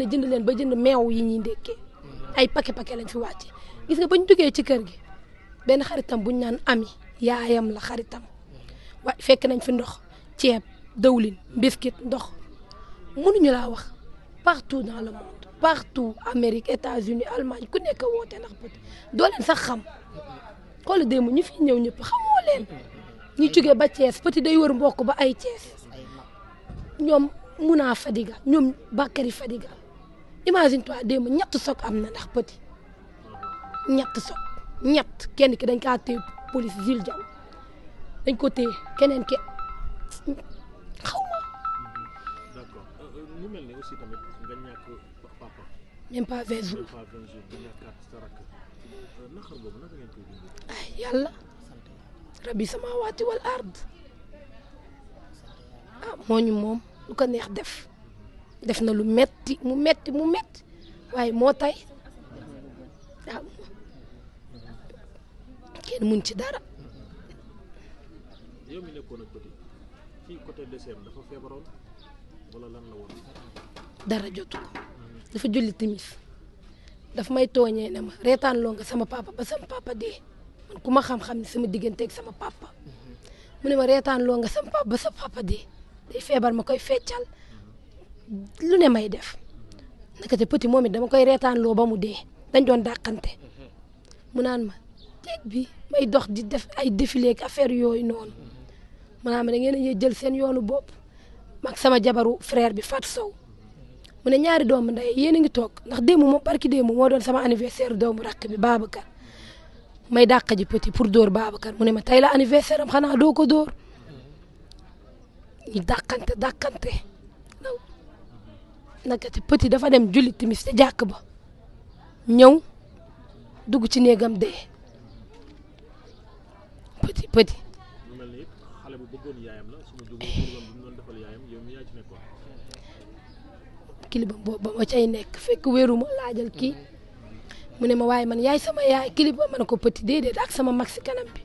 ne jënd leen ba jënd meew yi ñuy ndékkee ay paquet paquet lañ fi wàcce gis nga bañ duggee ci kër gi benn xaritam buñ naan ami yaayam la xaritam fekk nañ fi ndox ceeb dawlin biscuit ndox ñu laa wax partout dans le monde partout Amérique États-Unis Allemagne ku nekk woote ndax peut doo leen sax xam xoolal démb ñu fi ñëw ñëpp xamoo leen ñu jógee ba Thiès petit day wër mbokk ba ay Thiès ñoom Muna Fadiga ñoom Bakary Fadiga imagine toi démb ñett soog am na ndax petit ñett soog ñett kenn ki dañ kaa téye police ville jam dañ ko téye keneen ki xaw ma. d'accord euh, euh, mu mel ne aussi tamit nga ñàkk papa. même pas euh, yàlla rabbi samaawaati ah, moo ñu moom lu ko neex def. def na lu metti mu metti mu metti waaye moo tay waaw kenn mun ci dara. yow mi nekkoon ak Petit dara jotu dafa julli timis daf may tooñee ne ma reetaan loo nga sama papa ba sama papa dee man ku ma xam-xam ne sama digganteeg sama papa mhm. mu ne ma reetaan loo nga sama papa ba sama papa dee day feebar ma koy feccal. lu ne may def naka te petit moom it dama koy reetaanloo ba mu dee dañ doon dàqante mu naan ma jeeg bi may dox di def ay défilé ak affaire yooyu noonu mu naan ma da ngeen a jël seen yoonu bopp mag sama jabaru frère bi Fatou Sow mu ne ñaari doomu ndey yéen a ngi toog ndax démb moom barki démb moo doon sama anniversaire doomu rakk bi Babacar may dàq ji petit pour dóor Babacar mu ne ma tey la anniversaire am xanaa doo ko dóor ñu dàqante nakati petit dafa dem julli timis te jàkk ba ñëw dugg ci néegam dee petit petit kilibam boobu ba ma cay nekk fekk wéeru ma laajal ki mu ne ma waaye man yaay sama yaay kiliba ma ne ko petit déedéet ak sama mag si kanam bi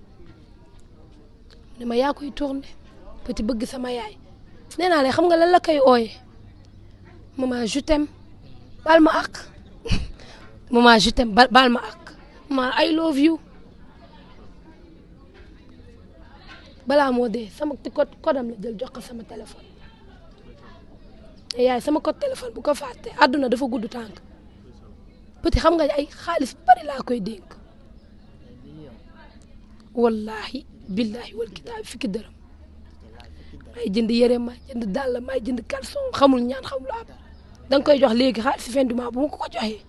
mu ne ma yaa koy tourné petit bëgg sama yaay ne naa leen xam nga lan la koy maman je t'aime baal ma àq ma àq maman love you balaa moo dee sama code codam la jël jox ko sama téléphone yaay sama code téléphone bu ko fàtte àdduna dafa gudd tànk petit xam nga ay xaalis bari laa koy dénk wallaahi billaahi wal kitaabi fikki dërëm may jënd yére may jënd dàll may jënd caleçon xamul ñaan xamul da nga koy jox léegi xaalis fin du mois bu ma ko ko joxee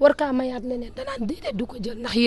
war kaa mayaat leneen danaan déedéet du ko jël ndax